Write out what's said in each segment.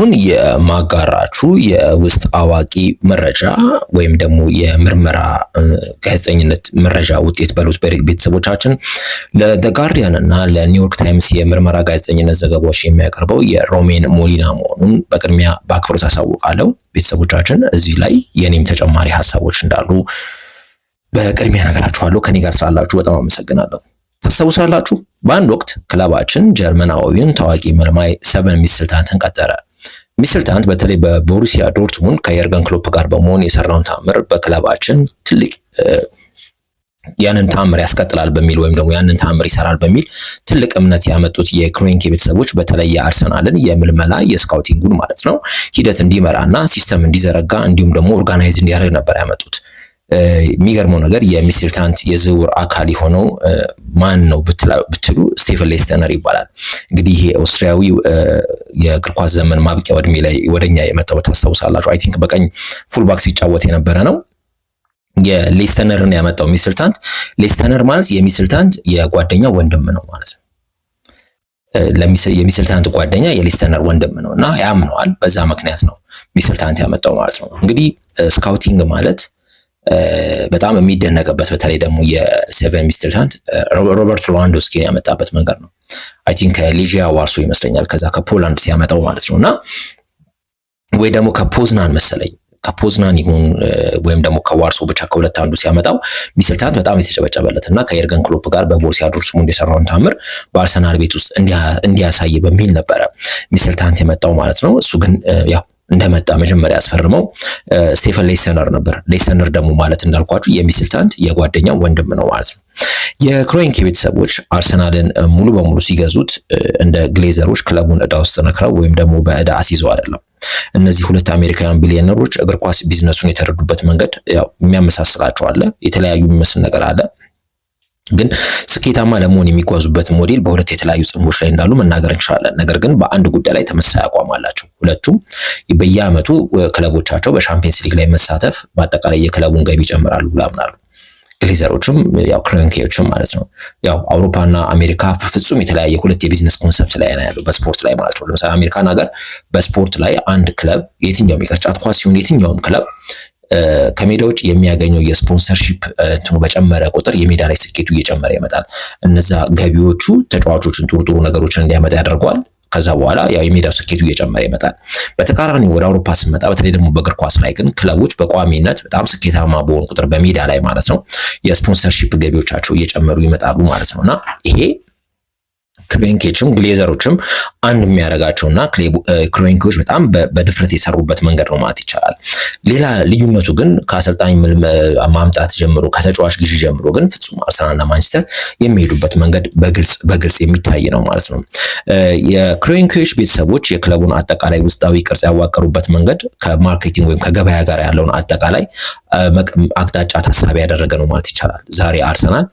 አሁን የማጋራችሁ የውስጥ አዋቂ መረጃ ወይም ደግሞ የምርመራ ጋዜጠኝነት መረጃ ውጤት በሉት ቤተሰቦቻችን ለጋርዲያን እና ለኒውዮርክ ታይምስ የምርመራ ጋዜጠኝነት ዘገባዎች የሚያቀርበው የሮሜን ሞሊና መሆኑን በቅድሚያ በአክብሮት አሳውቃለሁ። ቤተሰቦቻችን እዚህ ላይ የኔም ተጨማሪ ሀሳቦች እንዳሉ በቅድሚያ ነገራችኋለሁ። ከኔ ጋር ስላላችሁ በጣም አመሰግናለሁ። ታስታውሳላችሁ በአንድ ወቅት ክለባችን ጀርመናዊውን ታዋቂ መልማይ ሰቨን ሚስልታንትን ቀጠረ። ታንት በተለይ በቦሩሲያ ዶርትሙንድ ከየርገን ክሎፕ ጋር በመሆን የሰራውን ታምር በክለባችን ትልቅ ያንን ታምር ያስቀጥላል በሚል ወይም ደግሞ ያንን ታምር ይሰራል በሚል ትልቅ እምነት ያመጡት የክሮንኬ ቤተሰቦች በተለይ የአርሰናልን የምልመላ የስካውቲንጉን ማለት ነው ሂደት እንዲመራና ሲስተም እንዲዘረጋ እንዲሁም ደግሞ ኦርጋናይዝ እንዲያደርግ ነበር ያመጡት። የሚገርመው ነገር የሚስቲል ታንት የዝውውር አካል የሆነው ማን ነው ብትሉ ስቴፈን ሌስተነር ይባላል። እንግዲህ ይሄ ኦስትሪያዊ የእግር ኳስ ዘመን ማብቂያ እድሜ ላይ ወደኛ የመጣው ታስታውሳላችሁ። አይ ቲንክ በቀኝ ፉልባክ ሲጫወት የነበረ ነው። የሌስተነርን ያመጣው ሚስል ታንት። ሌስተነር ማለት የሚስል ታንት የጓደኛው ወንድም ነው ማለት ነው። የሚስል ታንት ጓደኛ የሌስተነር ወንድም ነው እና ያምነዋል። በዛ ምክንያት ነው ሚስል ታንት ያመጣው ማለት ነው። እንግዲህ ስካውቲንግ ማለት በጣም የሚደነቅበት በተለይ ደግሞ የሴቨን ሚስትር ታንት ሮበርት ሌዋንዶውስኪን ያመጣበት መንገድ ነው። አይ ቲንክ ከሊጂያ ዋርሶ ይመስለኛል ከዛ ከፖላንድ ሲያመጣው ማለት ነው እና ወይ ደግሞ ከፖዝናን መሰለኝ ከፖዝናን ይሁን ወይም ደግሞ ከዋርሶ ብቻ ከሁለት አንዱ ሲያመጣው ሚስልታት በጣም የተጨበጨበለት እና ከኤርገን ክሎፕ ጋር በቦርሲያ ዶርትሙንድ የሰራውን ታምር በአርሰናል ቤት ውስጥ እንዲያሳይ በሚል ነበረ ሚስልታንት የመጣው ማለት ነው። እሱ ግን ያው እንደመጣ መጀመሪያ ያስፈርመው ስቴፈን ሌሰነር ነበር። ሌሰነር ደግሞ ማለት እንዳልኳችሁ የሚስልታንት የጓደኛ ወንድም ነው ማለት ነው። የክሮንኬ ቤተሰቦች አርሰናልን ሙሉ በሙሉ ሲገዙት እንደ ግሌዘሮች ክለቡን እዳ ውስጥ ነክረው ወይም ደግሞ በእዳ አስይዘው አይደለም። እነዚህ ሁለት አሜሪካውያን ቢሊዮነሮች እግር ኳስ ቢዝነሱን የተረዱበት መንገድ ያው የሚያመሳስላቸው አለ፣ የተለያዩ የሚመስል ነገር አለ። ግን ስኬታማ ለመሆን የሚጓዙበት ሞዴል በሁለት የተለያዩ ጽንፎች ላይ እንዳሉ መናገር እንችላለን። ነገር ግን በአንድ ጉዳይ ላይ ተመሳሳይ አቋም አላቸው። ሁለቱም በየአመቱ ክለቦቻቸው በሻምፒየንስ ሊግ ላይ መሳተፍ በአጠቃላይ የክለቡን ገቢ ይጨምራሉ ብላምናሉ። ግሊዘሮችም ያው ክሮንኬዎችም ማለት ነው። ያው አውሮፓና አሜሪካ ፍጹም የተለያየ ሁለት የቢዝነስ ኮንሰፕት ላይ ነው ያለው በስፖርት ላይ ማለት ነው። ለምሳሌ አሜሪካን ሀገር በስፖርት ላይ አንድ ክለብ የትኛውም የቅርጫት ኳስ ሲሆን የትኛውም ክለብ ከሜዳ ውጭ የሚያገኘው የስፖንሰርሺፕ እንትኑ በጨመረ ቁጥር የሜዳ ላይ ስኬቱ እየጨመረ ይመጣል። እነዛ ገቢዎቹ ተጫዋቾችን ጥሩ ጥሩ ነገሮችን እንዲያመጣ ያደርገዋል። ከዛ በኋላ ያው የሜዳው ስኬቱ እየጨመረ ይመጣል። በተቃራኒ ወደ አውሮፓ ስመጣ በተለይ ደግሞ በእግር ኳስ ላይ ግን ክለቦች በቋሚነት በጣም ስኬታማ በሆኑ ቁጥር በሜዳ ላይ ማለት ነው የስፖንሰርሺፕ ገቢዎቻቸው እየጨመሩ ይመጣሉ ማለት ነው እና ይሄ ክሩዌንኬዎችም ግሌዘሮችም አንድ የሚያደርጋቸውና ክሩዌንኬዎች በጣም በድፍረት የሰሩበት መንገድ ነው ማለት ይቻላል። ሌላ ልዩነቱ ግን ከአሰልጣኝ ማምጣት ጀምሮ ከተጫዋች ግዢ ጀምሮ ግን ፍጹም አርሰናልና ማንቸስተር የሚሄዱበት መንገድ በግልጽ የሚታይ ነው ማለት ነው። የክሩዌንኬዎች ቤተሰቦች የክለቡን አጠቃላይ ውስጣዊ ቅርጽ ያዋቀሩበት መንገድ ከማርኬቲንግ ወይም ከገበያ ጋር ያለውን አጠቃላይ አቅጣጫ ታሳቢ ያደረገ ነው ማለት ይቻላል። ዛሬ አርሰናል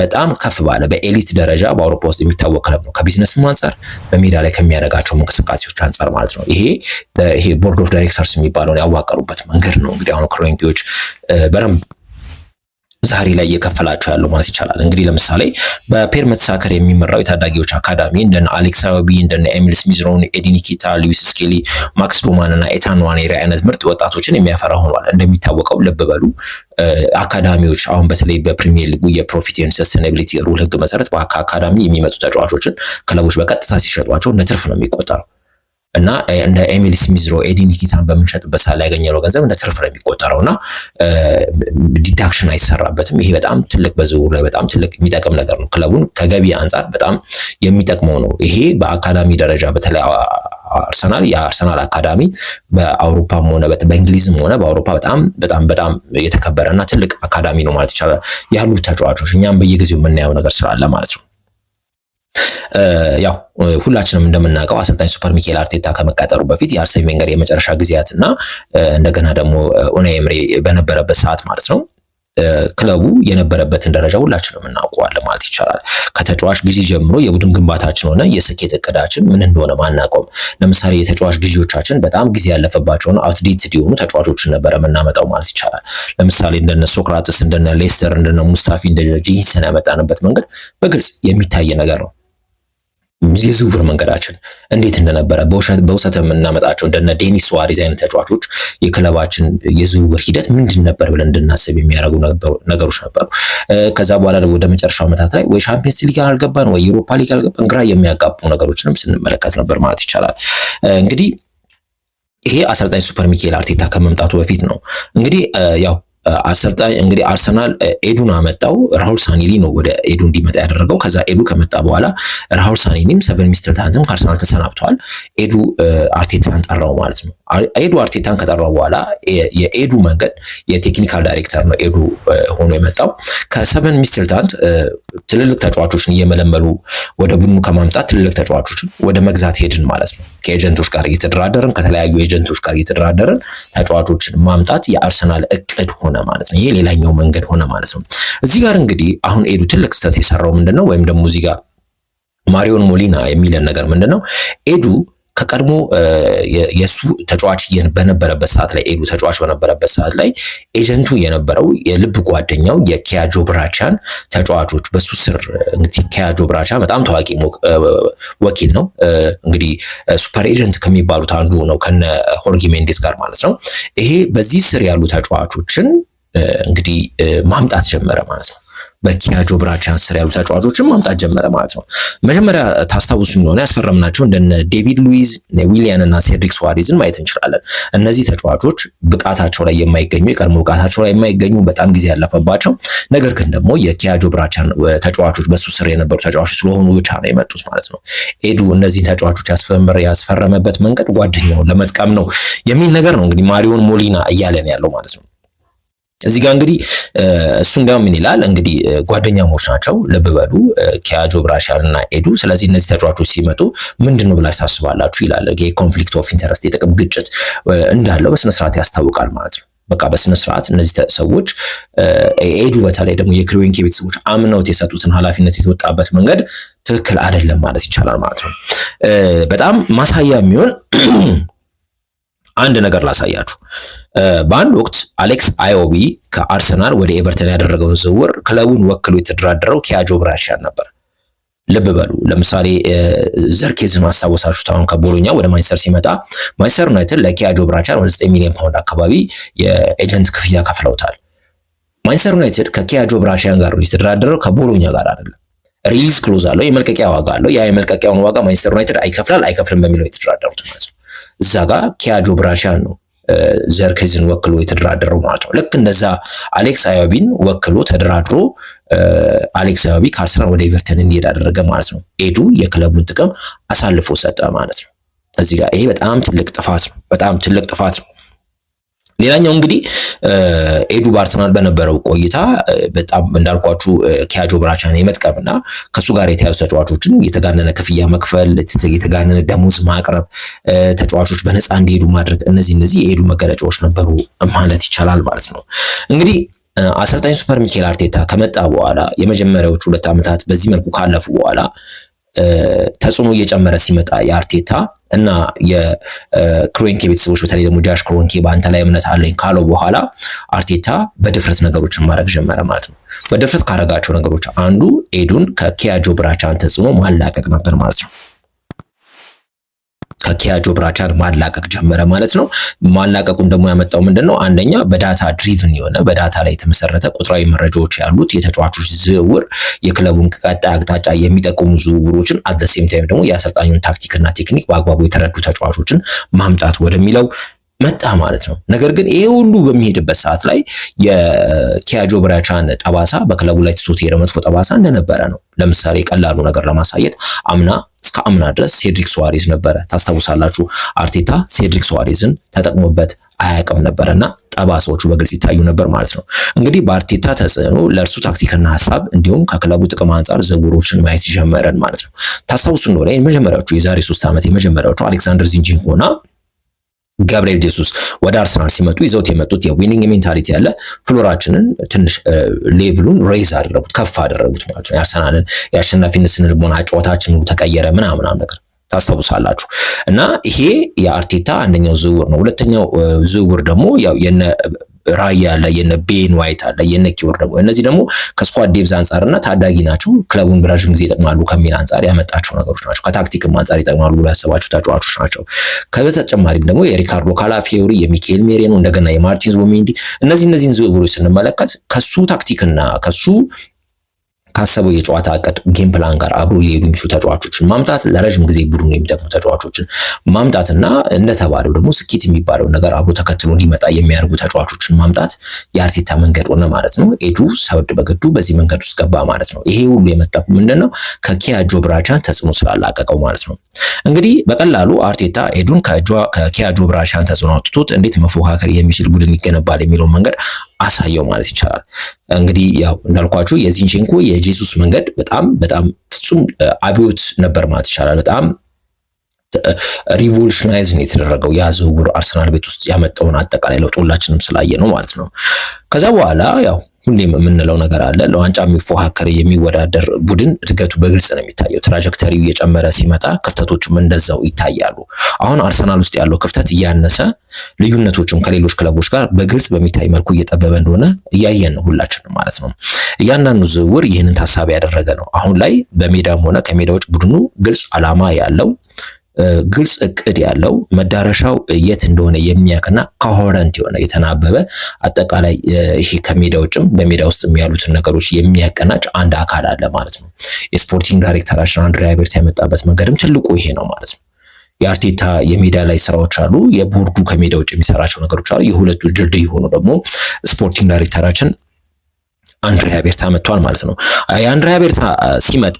በጣም ከፍ ባለ በኤሊት ደረጃ በአውሮፓ ውስጥ የሚታወቅ ክለብ ነው። ከቢዝነስም አንጻር በሜዳ ላይ ከሚያደርጋቸው እንቅስቃሴዎች አንጻር ማለት ነው። ይሄ ይሄ ቦርድ ኦፍ ዳይሬክተርስ የሚባለውን ያዋቀሩበት መንገድ ነው። እንግዲህ አሁን ክሮንኪዎች በደንብ ዛሬ ላይ እየከፈላቸው ያለው ማለት ይቻላል። እንግዲህ ለምሳሌ በፔርመት ሳከር የሚመራው የታዳጊዎች አካዳሚ እንደነ አሌክስ አበቢ እንደነ ኤሚል ስሚዝ ሮኒ፣ ኤዲ ኒኪታ፣ ሉዊስ ስኬሊ፣ ማክስ ሮማን እና ኤታን ዋኔሪ አይነት ምርጥ ወጣቶችን የሚያፈራ ሆኗል። እንደሚታወቀው ልብ በሉ አካዳሚዎች አሁን በተለይ በፕሪሚየር ሊጉ የፕሮፊት ኤንድ ሰስቴናቢሊቲ ሩል ህግ መሰረት ከአካዳሚ የሚመጡ ተጫዋቾችን ክለቦች በቀጥታ ሲሸጧቸው እንደ ትርፍ ነው የሚቆጠረው። እና እንደ ኤሚል ስሚዝሮ ኤዲ ኒኪታን በምንሸጥበት ሰዓት ላይ ያገኘነው ገንዘብ እንደ ትርፍ ነው የሚቆጠረው እና ዲዳክሽን አይሰራበትም። ይሄ በጣም ትልቅ በዝውውር ላይ በጣም ትልቅ የሚጠቅም ነገር ነው። ክለቡን ከገቢ አንጻር በጣም የሚጠቅመው ነው። ይሄ በአካዳሚ ደረጃ በተለይ አርሰናል የአርሰናል አካዳሚ በአውሮፓም ሆነ በእንግሊዝም ሆነ በአውሮፓ በጣም በጣም በጣም የተከበረ እና ትልቅ አካዳሚ ነው ማለት ይቻላል። ያሉት ተጫዋቾች እኛም በየጊዜው የምናየው ነገር ስላለ ማለት ነው። ያው ሁላችንም እንደምናውቀው አሰልጣኝ ሱፐር ሚኬል አርቴታ ከመቃጠሩ በፊት የአርሰን ቬንገር የመጨረሻ ጊዜያት እና እንደገና ደግሞ ኡናይ ኤምሬ በነበረበት ሰዓት ማለት ነው ክለቡ የነበረበትን ደረጃ ሁላችንም እናውቀዋለን ማለት ይቻላል። ከተጫዋች ጊዜ ጀምሮ የቡድን ግንባታችን ሆነ የስኬት እቅዳችን ምን እንደሆነ ማናቀውም። ለምሳሌ የተጫዋች ጊዜዎቻችን በጣም ጊዜ ያለፈባቸውን አውትዴት ሊሆኑ ተጫዋቾችን ነበረ የምናመጣው ማለት ይቻላል። ለምሳሌ እንደነ ሶክራትስ፣ እንደነ ሌስተር፣ እንደነ ሙስታፊ፣ እንደነ ጂንሰን ያመጣንበት መንገድ በግልጽ የሚታይ ነገር ነው። የዝውውር መንገዳችን እንዴት እንደነበረ በውሰት የምናመጣቸው እንደነ ዴኒስ ሱዋሬዝ አይነት ተጫዋቾች የክለባችን የዝውውር ሂደት ምንድን ነበር ብለን እንድናስብ የሚያደርጉ ነገሮች ነበሩ። ከዛ በኋላ ወደ መጨረሻው ዓመታት ላይ ወይ ሻምፒየንስ ሊግ አልገባን ወይ ዩሮፓ ሊግ አልገባን ግራ የሚያጋቡ ነገሮችንም ስንመለከት ነበር ማለት ይቻላል። እንግዲህ ይሄ አሰልጣኝ ሱፐር ሚኬል አርቴታ ከመምጣቱ በፊት ነው። እንግዲህ ያው አሰልጣኝ እንግዲህ አርሰናል ኤዱን አመጣው። ራሁል ሳኒሊ ነው ወደ ኤዱ እንዲመጣ ያደረገው። ከዛ ኤዱ ከመጣ በኋላ ራሁል ሳኒሊም ሰቨን ሚስትር ታንትም ከአርሰናል ተሰናብተዋል። ኤዱ አርቴታን ጠራው ማለት ነው። ኤዱ አርቴታን ከጠራው በኋላ የኤዱ መንገድ የቴክኒካል ዳይሬክተር ነው ኤዱ ሆኖ የመጣው ከሰቨን ሚስትር ታንት ትልልቅ ተጫዋቾችን እየመለመሉ ወደ ቡድኑ ከማምጣት ትልልቅ ተጫዋቾችን ወደ መግዛት ሄድን ማለት ነው። ከኤጀንቶች ጋር እየተደራደርን ከተለያዩ ኤጀንቶች ጋር እየተደራደርን ተጫዋቾችን ማምጣት የአርሰናል እቅድ ሆነ ማለት ነው። ይሄ ሌላኛው መንገድ ሆነ ማለት ነው። እዚህ ጋር እንግዲህ አሁን ኤዱ ትልቅ ስህተት የሰራው ምንድን ነው ወይም ደግሞ እዚህ ጋር ማሪዮን ሞሊና የሚለን ነገር ምንድን ነው ኤዱ ከቀድሞ የእሱ ተጫዋች በነበረበት ሰዓት ላይ ኤዱ ተጫዋች በነበረበት ሰዓት ላይ ኤጀንቱ የነበረው የልብ ጓደኛው የኪያጆ ብራቻን ተጫዋቾች በሱ ስር እንግዲህ ኪያጆ ብራቻ በጣም ታዋቂ ወኪል ነው። እንግዲህ ሱፐር ኤጀንት ከሚባሉት አንዱ ነው ከነ ሆርጊ ሜንዴስ ጋር ማለት ነው። ይሄ በዚህ ስር ያሉ ተጫዋቾችን እንግዲህ ማምጣት ጀመረ ማለት ነው። በኪያጆ ብራቻን ስር ያሉ ተጫዋቾችን ማምጣት ጀመረ ማለት ነው። መጀመሪያ ታስታውሱ እንደሆነ ያስፈረምናቸው እንደነ ዴቪድ ሉዊዝ፣ ዊሊያን እና ሴድሪክ ሱዋሬዝን ማየት እንችላለን። እነዚህ ተጫዋቾች ብቃታቸው ላይ የማይገኙ የቀድሞ ብቃታቸው ላይ የማይገኙ በጣም ጊዜ ያለፈባቸው፣ ነገር ግን ደግሞ የኪያጆ ብራቻን ተጫዋቾች በሱ ስር የነበሩ ተጫዋቾች ስለሆኑ ብቻ ነው የመጡት ማለት ነው። ኤዱ እነዚህን ተጫዋቾች ያስፈረመበት መንገድ ጓደኛውን ለመጥቀም ነው የሚል ነገር ነው። እንግዲህ ማሪዮን ሞሊና እያለን ያለው ማለት ነው። እዚህ ጋር እንግዲህ እሱ እንዲያው ምን ይላል እንግዲህ ጓደኛሞች ናቸው። ልብ በሉ ኪያጆ እና ኤዱ። ስለዚህ እነዚህ ተጫዋቾች ሲመጡ ምንድን ነው ብላችሁ ታስባላችሁ ይላል። ይሄ ኮንፍሊክት ኦፍ ኢንተረስት የጥቅም ግጭት እንዳለው በስነስርዓት ያስታውቃል ማለት ነው። በቃ ስርዓት እነዚህ ሰዎች ኤዱ በተለይ ደግሞ የክሪዌንኬ ቤተሰቦች አምነውት የሰጡትን ኃላፊነት የተወጣበት መንገድ ትክክል አይደለም ማለት ይቻላል ማለት ነው። በጣም ማሳያ የሚሆን አንድ ነገር ላሳያችሁ። በአንድ ወቅት አሌክስ አዮቢ ከአርሰናል ወደ ኤቨርተን ያደረገውን ዝውውር ክለቡን ወክሎ የተደራደረው ኪያጆ ብራሻን ነበር። ልብ በሉ። ለምሳሌ ዘርኬዝን ማስታወሳችሁት። አሁን ከቦሎኛ ወደ ማንቸስተር ሲመጣ ማንቸስተር ዩናይትድ ለኪያጆ ብራቻን ወደ 9 ሚሊዮን ፓውንድ አካባቢ የኤጀንት ክፍያ ከፍለውታል። ማንቸስተር ዩናይትድ ከኪያጆ ብራቻን ጋር የተደራደረው ከቦሎኛ ጋር አይደለም። ሪሊዝ ክሎዝ አለው፣ የመልቀቂያ ዋጋ አለው። ያ የመልቀቂያውን ዋጋ ማንቸስተር ዩናይትድ አይከፍላል አይከፍልም በሚለው የተደራደሩት ማለት ነው። እዛ ጋር ኪያጆ ብራቻን ነው ዘርክዝን ወክሎ የተደራደረው ማለት ነው። ልክ እንደዛ አሌክስ አያቢን ወክሎ ተደራድሮ አሌክስ አያቢ ከአርሰናል ወደ ኤቨርተን እንዲሄድ አደረገ ማለት ነው። ኤዱ የክለቡን ጥቅም አሳልፎ ሰጠ ማለት ነው። እዚህ ጋር ይሄ በጣም ትልቅ ጥፋት ነው። በጣም ትልቅ ጥፋት ነው። ሌላኛው እንግዲህ ኤዱ በአርሰናል በነበረው ቆይታ በጣም እንዳልኳችሁ ኪያጆ ብራቻን እና ከእሱ ጋር የተያዙ ተጫዋቾችን የተጋነነ ክፍያ መክፈል፣ የተጋነነ ደሞዝ ማቅረብ፣ ተጫዋቾች በነፃ እንዲሄዱ ማድረግ እነዚህ እነዚህ የኤዱ መገለጫዎች ነበሩ ማለት ይቻላል ማለት ነው እንግዲህ አሰልጣኝ ሱፐር ሚኬል አርቴታ ከመጣ በኋላ የመጀመሪያዎቹ ሁለት ዓመታት በዚህ መልኩ ካለፉ በኋላ ተጽዕኖ እየጨመረ ሲመጣ የአርቴታ እና የክሮንኬ ቤተሰቦች በተለይ ደግሞ ጃሽ ክሮንኬ በአንተ ላይ እምነት አለኝ ካለው በኋላ አርቴታ በድፍረት ነገሮችን ማድረግ ጀመረ ማለት ነው። በድፍረት ካረጋቸው ነገሮች አንዱ ኤዱን ከኪያጆ ብራቻን ተጽዕኖ ማላቀቅ ነበር ማለት ነው። ከኪያጆ ብራቻን ማላቀቅ ጀመረ ማለት ነው። ማላቀቁን ደግሞ ያመጣው ምንድን ነው? አንደኛ በዳታ ድሪቭን የሆነ በዳታ ላይ የተመሰረተ ቁጥራዊ መረጃዎች ያሉት የተጫዋቾች ዝውውር የክለቡን ቀጣይ አቅጣጫ የሚጠቁሙ ዝውውሮችን አት ታይም ደግሞ የአሰልጣኙን ታክቲክና ቴክኒክ በአግባቡ የተረዱ ተጫዋቾችን ማምጣት ወደሚለው መጣ ማለት ነው። ነገር ግን ይሄ ሁሉ በሚሄድበት ሰዓት ላይ የኪያጆ ብራቻን ጠባሳ በክለቡ ላይ ትቶት የሄደ መጥፎ ጠባሳ እንደነበረ ነው። ለምሳሌ ቀላሉ ነገር ለማሳየት አምና እስከ አምና ድረስ ሴድሪክ ሱዋሬዝ ነበረ። ታስታውሳላችሁ፣ አርቴታ ሴድሪክ ሱዋሬዝን ተጠቅሞበት አያቅም ነበረና ጠባሳዎቹ በግልጽ ይታዩ ነበር ማለት ነው። እንግዲህ በአርቴታ ተጽዕኖ ለእርሱ ታክቲክና ሀሳብ እንዲሁም ከክለቡ ጥቅም አንጻር ዝውውሮችን ማየት ጀመረን ማለት ነው። ታስታውሱ እንደሆነ የመጀመሪያዎቹ የዛሬ ሶስት ዓመት የመጀመሪያዎቹ አሌክሳንደር ዚንቼንኮና ገብርኤል ጄሱስ ወደ አርሰናል ሲመጡ ይዘውት የመጡት የዊኒንግ ሜንታሊቲ ያለ ፍሎራችንን ትንሽ ሌቭሉን ሬዝ አደረጉት ከፍ አደረጉት ማለት ነው። የአርሰናልን የአሸናፊነት ስነ ልቦና ጨዋታችን ተቀየረ ምናምናም ነገር ታስታውሳላችሁ። እና ይሄ የአርቴታ አንደኛው ዝውውር ነው። ሁለተኛው ዝውውር ደግሞ የነ ራያ አለ፣ የነ ቤን ዋይት አለ፣ የነ ኪወር ደግሞ እነዚህ ደግሞ ከስኳድ ዴብዝ አንጻርና ታዳጊ ናቸው። ክለቡን ረዥም ጊዜ ይጠቅማሉ ከሚል አንጻር ያመጣቸው ነገሮች ናቸው። ከታክቲክም አንጻር ይጠቅማሉ ብሎ ያሰባቸው ተጫዋቾች ናቸው። በተጨማሪም ደግሞ የሪካርዶ ካላፊዮሪ፣ የሚካኤል ሜሬኖ እንደገና የማርቲን ዙቢሜንዲ እነዚህ እነዚህን ዝውውሮች ስንመለከት ከሱ ታክቲክና ከሱ ካሰበው የጨዋታ እቅድ ጌም ፕላን ጋር አብሮ ሊሄዱ የሚችሉ ተጫዋቾችን ማምጣት፣ ለረዥም ጊዜ ቡድኑ የሚጠቅሙ ተጫዋቾችን ማምጣትና እንደተባለው ደግሞ ስኬት የሚባለው ነገር አብሮ ተከትሎ እንዲመጣ የሚያደርጉ ተጫዋቾችን ማምጣት የአርቴታ መንገድ ሆነ ማለት ነው። ኤዱ ሰውድ በግዱ በዚህ መንገድ ውስጥ ገባ ማለት ነው። ይሄ ሁሉ የመጣው ምንድን ነው? ከኪያጆ ብራቻ ተጽዕኖ ስላላቀቀው ማለት ነው። እንግዲህ በቀላሉ አርቴታ ኤዱን ከኪያ ጆብራቻን ተጽዕኖ አውጥቶት እንዴት መፎካከል የሚችል ቡድን ይገነባል የሚለውን መንገድ አሳየው ማለት ይቻላል። እንግዲህ ያው እንዳልኳችሁ የዚንቼንኮ የጄሱስ መንገድ በጣም በጣም ፍጹም አብዮት ነበር ማለት ይቻላል። በጣም ሪቮሉሽናይዝ ነው የተደረገው ያ ዝውውር አርሰናል ቤት ውስጥ ያመጣውን አጠቃላይ ለውጥ ሁላችንም ስላየ ነው ማለት ነው። ከዛ በኋላ ያው ሁሌም የምንለው ነገር አለ። ለዋንጫ የሚፎካከር የሚወዳደር ቡድን እድገቱ በግልጽ ነው የሚታየው። ትራጀክተሪው እየጨመረ ሲመጣ ክፍተቶችም እንደዛው ይታያሉ። አሁን አርሰናል ውስጥ ያለው ክፍተት እያነሰ ልዩነቶችም ከሌሎች ክለቦች ጋር በግልጽ በሚታይ መልኩ እየጠበበ እንደሆነ እያየን ነው ሁላችንም ማለት ነው። እያንዳንዱ ዝውውር ይህንን ታሳቢ ያደረገ ነው። አሁን ላይ በሜዳም ሆነ ከሜዳዎች ቡድኑ ግልጽ አላማ ያለው ግልጽ እቅድ ያለው መዳረሻው የት እንደሆነ የሚያቅና ኮሄረንት የሆነ የተናበበ አጠቃላይ ይሄ ከሜዳ ውጭም በሜዳ ውስጥ ያሉትን ነገሮች የሚያቀናጭ አንድ አካል አለ ማለት ነው። የስፖርቲንግ ዳይሬክተራችን አንድሪያ በርታ ያመጣበት መንገድም ትልቁ ይሄ ነው ማለት ነው። የአርቴታ የሜዳ ላይ ስራዎች አሉ። የቦርዱ ከሜዳ ውጭ የሚሰራቸው ነገሮች አሉ። የሁለቱ ድልድይ የሆኑ ደግሞ ስፖርቲንግ ዳይሬክተራችን አንድሪያ ቤርታ መጥቷል ማለት ነው። የአንድሪያ ቤርታ ሲመጣ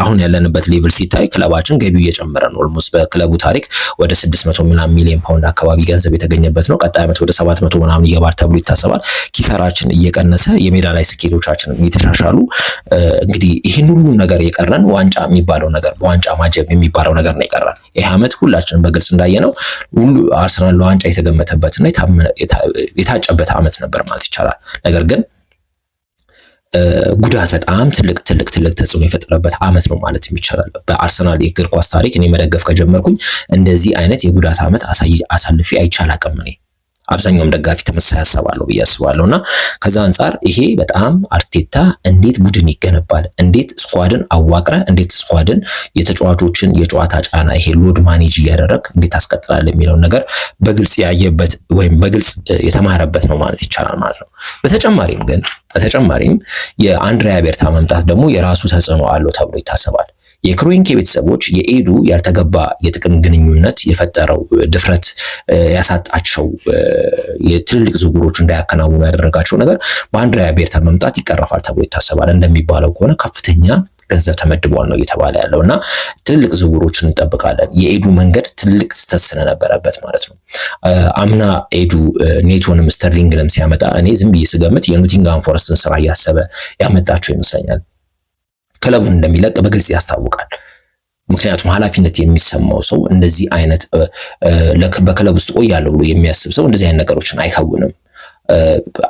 አሁን ያለንበት ሌቭል ሲታይ ክለባችን ገቢው እየጨመረ ነው። ኦልሞስት በክለቡ ታሪክ ወደ 600 ምናምን ሚሊዮን ፓውንድ አካባቢ ገንዘብ የተገኘበት ነው። ቀጣይ ዓመት ወደ 700 ምናምን ይገባል ተብሎ ይታሰባል። ኪሳራችን እየቀነሰ የሜዳ ላይ ስኬቶቻችን እየተሻሻሉ እንግዲህ ይህን ሁሉ ነገር የቀረን ዋንጫ የሚባለው ነገር ዋንጫ ማጀብ የሚባለው ነገር ነው የቀረን። ይህ ዓመት ሁላችንም በግልጽ እንዳየነው ሁሉ አርሰናል ለዋንጫ የተገመተበትና የታጨበት ዓመት ነበር ማለት ይቻላል። ነገር ግን ጉዳት በጣም ትልቅ ትልቅ ትልቅ ተጽዕኖ የፈጠረበት አመት ነው ማለት ይቻላል። በአርሰናል የእግር ኳስ ታሪክ እኔ መደገፍ ከጀመርኩኝ እንደዚህ አይነት የጉዳት ዓመት አሳልፌ አይቻል እኔ አብዛኛውም ደጋፊ ተመሳሳይ ሀሳብ አለው ብዬ አስባለሁ እና ከዛ አንጻር ይሄ በጣም አርቴታ እንዴት ቡድን ይገነባል፣ እንዴት ስኳድን አዋቅረ፣ እንዴት ስኳድን የተጫዋቾችን የጨዋታ ጫና ይሄ ሎድ ማኔጅ እያደረግ እንዴት አስቀጥላል የሚለውን ነገር በግልጽ ያየበት ወይም በግልጽ የተማረበት ነው ማለት ይቻላል ማለት ነው። በተጨማሪም ግን በተጨማሪም የአንድሪያ ቤርታ መምጣት ደግሞ የራሱ ተጽዕኖ አለው ተብሎ ይታሰባል። የክሩንኬ ቤተሰቦች የኤዱ ያልተገባ የጥቅም ግንኙነት የፈጠረው ድፍረት ያሳጣቸው የትልልቅ ዝውውሮች እንዳያከናውኑ ያደረጋቸው ነገር በአንድሪያ ቤርታ መምጣት ይቀረፋል ተብሎ ይታሰባል። እንደሚባለው ከሆነ ከፍተኛ ገንዘብ ተመድቧል ነው እየተባለ ያለው እና ትልልቅ ዝውውሮችን እንጠብቃለን። የኤዱ መንገድ ትልቅ ስህተት ስለነበረበት ማለት ነው። አምና ኤዱ ኔቶንም ስተርሊንግንም ሲያመጣ እኔ ዝም ብዬ ስገምት የኖቲንግሃም ፎረስትን ስራ እያሰበ ያመጣቸው ይመስለኛል። ክለቡን እንደሚለቅ በግልጽ ያስታውቃል። ምክንያቱም ኃላፊነት የሚሰማው ሰው እንደዚህ አይነት በክለብ ውስጥ ቆያለሁ ብሎ የሚያስብ ሰው እንደዚህ አይነት ነገሮችን አይከውንም።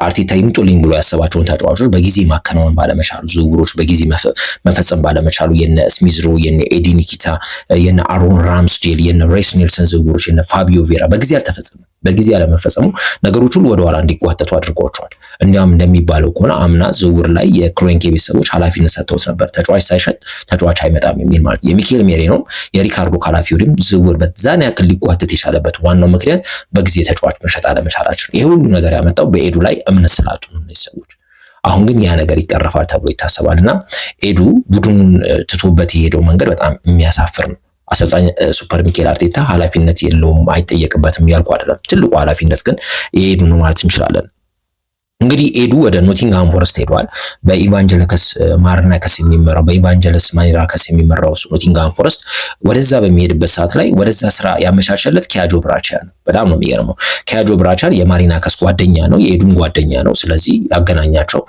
አርቴታ ይምጡልኝ ብሎ ያሰባቸውን ተጫዋቾች በጊዜ ማከናወን ባለመቻሉ፣ ዝውውሮች በጊዜ መፈጸም ባለመቻሉ የነ ስሚዝሮ፣ የነ ኤዲ ኒኪታ፣ የነ አሮን ራምስዴል፣ የነ ሬስ ኔልሰን ዝውውሮች፣ የነ ፋቢዮ ቬራ በጊዜ አልተፈጸመ በጊዜ አለመፈጸሙ ነገሮች ሁሉ ወደኋላ እንዲጓተቱ አድርጓቸዋል። እንዲያውም እንደሚባለው ከሆነ አምና ዝውውር ላይ የክሮንኬ ቤተሰቦች ኃላፊነት ሰጥተውት ነበር። ተጫዋች ሳይሸጥ ተጫዋች አይመጣም የሚል ማለት የሚኬል ሜሬኖ የሪካርዶ ካላፊዮሪም ዝውውር በዛን ያክል ሊጓተት የቻለበት ዋናው ምክንያት በጊዜ ተጫዋች መሸጥ አለመቻላቸው። ይህ ሁሉ ነገር ያመጣው በኤዱ ላይ እምነት ስላጡ ነው ሰዎች። አሁን ግን ያ ነገር ይቀረፋል ተብሎ ይታሰባል እና ኤዱ ቡድኑን ትቶበት የሄደው መንገድ በጣም የሚያሳፍር ነው። አሰልጣኝ ሱፐር ሚኬል አርቴታ ኃላፊነት የለውም አይጠየቅበትም ያልኩ አይደለም። ትልቁ ኃላፊነት ግን ይሄዱ ነው ማለት እንችላለን። እንግዲህ ኤዱ ወደ ኖቲንግሃም ፎረስት ሄዷል። በኢቫንጀሊከስ ማርናከስ የሚመራው በኢቫንጀለስ ማኒራከስ የሚመራው ኖቲንግሃም ፎረስት ወደዛ በሚሄድበት ሰዓት ላይ ወደዛ ስራ ያመቻቸለት ኪያጆ ብራቻ ነው። በጣም ነው የሚገርመው። ኪያጆ ብራቻ የማሪናከስ ጓደኛ ነው፣ የኤዱም ጓደኛ ነው። ስለዚህ ያገናኛቸው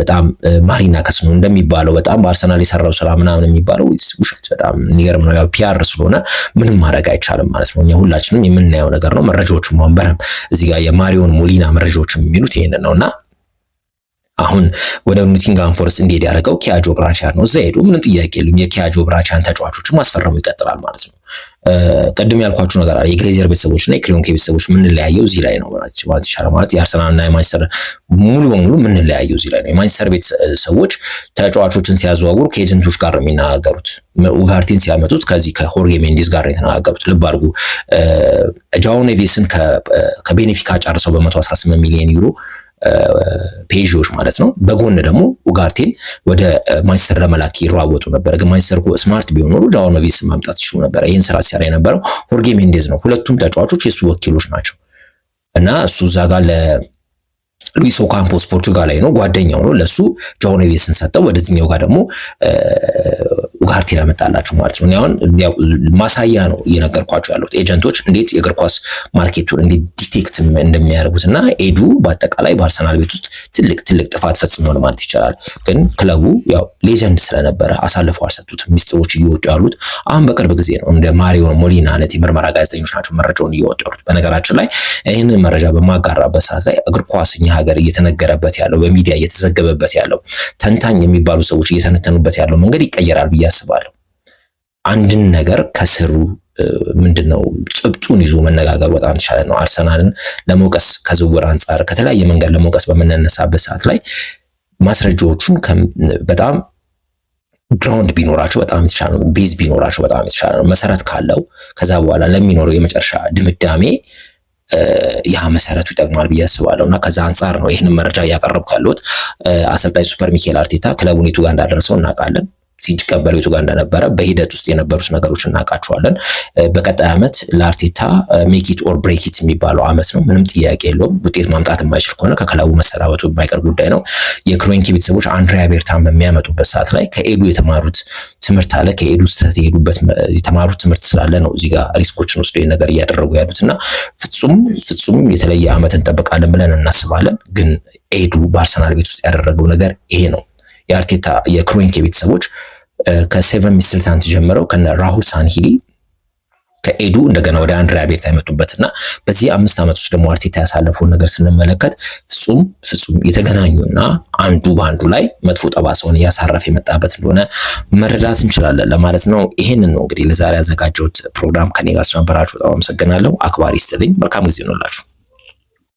በጣም ማሪናከስ ነው እንደሚባለው በጣም በአርሰናል የሰራው ስራ ምናምን የሚባለው ውሸት በጣም የሚገርም ነው። ያው ፒአር ስለሆነ ምንም ማድረግ አይቻልም ማለት ነው። ሁላችንም የምናየው ነገር ነው። መረጃዎችም ወንበርም እዚህ ጋር የማሪዮን ሞሊና መረጃዎችም የሚሉት ይሄንን ነው። ነውና አሁን ወደ ኖቲንግሃም ፎረስት እንዲሄድ ያደረገው ኪያጆ ብራቻን ነው። እዛ ሄዱ፣ ምንም ጥያቄ የለም። የኪያጆ ብራቻን ተጫዋቾች ማስፈረሙ ይቀጥላል ማለት ነው። ቅድም ያልኳችሁ ነገር አለ። የግሌዘር ቤተሰቦች እና የክሪንኬ ቤተሰቦች የምንለያየው እዚህ ላይ ነው ማለት ይቻላል። ማለት የአርሰናል እና የማንቸስተር ሙሉ በሙሉ የምንለያየው እዚህ ላይ ነው። የማንቸስተር ቤተሰቦች ተጫዋቾችን ሲያዘዋውሩ ከኤጀንቶች ጋር ነው የሚነጋገሩት። ኡጋርቲን ሲያመጡት ከዚህ ከሆርጌ ሜንዲስ ጋር ነው የተነጋገሩት። ልብ አድርጉ። ጃው ኔቬስን ከቤኔፊካ ጨርሰው በ118 ሚሊዮን ዩሮ ፔዥዎች ማለት ነው። በጎን ደግሞ ኡጋርቴን ወደ ማንቸስተር ለመላክ ይሯወጡ ነበር። ግን ማንቸስተር ስማርት ቢሆን ኖሮ ጃዋር ሞይስን ማምጣት ይችሉ ነበር። ይህን ስራ ሲሰራ የነበረው ሆርጌ ሜንዴዝ ነው። ሁለቱም ተጫዋቾች የሱ ወኪሎች ናቸው እና እሱ እዛ ጋር ሉዊስ ኦካምፖስ ፖርቹጋላዊ ነው፣ ጓደኛው ነው። ለሱ ጆão ኔቬስን ሰጠው። ወደዚህኛው ጋር ደግሞ ኡጋርቴን አመጣላችሁ ማለት ነው። አሁን ማሳያ ነው እየነገርኳቸው ያለሁት ኤጀንቶች እንዴት የእግር ኳስ ማርኬቱን እንዴት ዲቴክት እንደሚያደርጉት እና ኤዱ በአጠቃላይ በአርሰናል ቤት ውስጥ ትልቅ ትልቅ ጥፋት ፈጽሟል ማለት ይቻላል። ግን ክለቡ ያው ሌጀንድ ስለነበረ አሳልፈው አልሰጡት። ሚስጥሮች እየወጡ ያሉት አሁን በቅርብ ጊዜ ነው። እንደ ማሪዮ ሞሊና አይነት የምርመራ ጋዜጠኞች ናቸው መረጃውን እየወጡ ያሉት። በነገራችን ላይ ይህንን መረጃ በማጋራበት ሰዓት ላይ እግር ኳስ እኛ ሀገር እየተነገረበት ያለው በሚዲያ እየተዘገበበት ያለው ተንታኝ የሚባሉ ሰዎች እየተነተኑበት ያለው መንገድ ይቀየራል ብዬ አስባለሁ። አንድን ነገር ከስሩ ምንድነው ጭብጡን ይዞ መነጋገር በጣም የተሻለ ነው። አርሰናልን ለመውቀስ ከዝውውር አንጻር ከተለያየ መንገድ ለመውቀስ በምንነሳበት ሰዓት ላይ ማስረጃዎቹን በጣም ግራውንድ ቢኖራቸው በጣም የተሻለ ነው። ቤዝ ቢኖራቸው በጣም የተሻለ ነው። መሰረት ካለው ከዛ በኋላ ለሚኖረው የመጨረሻ ድምዳሜ ያ መሰረቱ ይጠቅማል ብዬ አስባለሁ እና ከዛ አንጻር ነው ይህንን መረጃ እያቀረብ ካሉት። አሰልጣኝ ሱፐር ሚኬል አርቴታ ክለቡን የቱ ጋር እንዳደረሰው እናውቃለን ሲቀበሉ የቱ ጋር እንደነበረ በሂደት ውስጥ የነበሩት ነገሮች እናውቃቸዋለን። በቀጣይ ዓመት ለአርቴታ ሜኪት ኦር ብሬኪት የሚባለው ዓመት ነው። ምንም ጥያቄ የለውም። ውጤት ማምጣት የማይችል ከሆነ ከክለቡ መሰራበቱ የማይቀር ጉዳይ ነው። የክሮንኪ ቤተሰቦች አንድሪያ ቤርታን በሚያመጡበት ሰዓት ላይ ከኤዱ የተማሩት ትምህርት አለ። ከኤዱ ስህተት የሄዱበት የተማሩት ትምህርት ስላለ ነው እዚጋ ሪስኮችን ወስደው ነገር እያደረጉ ያሉት እና ፍጹም ፍጹም የተለየ ዓመት እንጠብቃለን ብለን እናስባለን። ግን ኤዱ በአርሰናል ቤት ውስጥ ያደረገው ነገር ይሄ ነው። የአርቴታ የክሮንኬ ቤተሰቦች ከሴቨን ሚስትልታንት ጀምረው ከነ ራሁል ሳንሂሊ ከኤዱ እንደገና ወደ አንድሪያ ቤርታ የመጡበትና በዚህ አምስት ዓመት ውስጥ ደግሞ አርቴታ ያሳለፈውን ነገር ስንመለከት ፍጹም ፍጹም የተገናኙና አንዱ በአንዱ ላይ መጥፎ ጠባሳውን እያሳረፈ የመጣበት እንደሆነ መረዳት እንችላለን ለማለት ነው። ይህንን ነው እንግዲህ ለዛሬ ያዘጋጀሁት ፕሮግራም። ከኔ ጋር ስለነበራችሁ በጣም አመሰግናለሁ። አክባሪ ይስጥልኝ። መልካም ጊዜ ይኖላችሁ።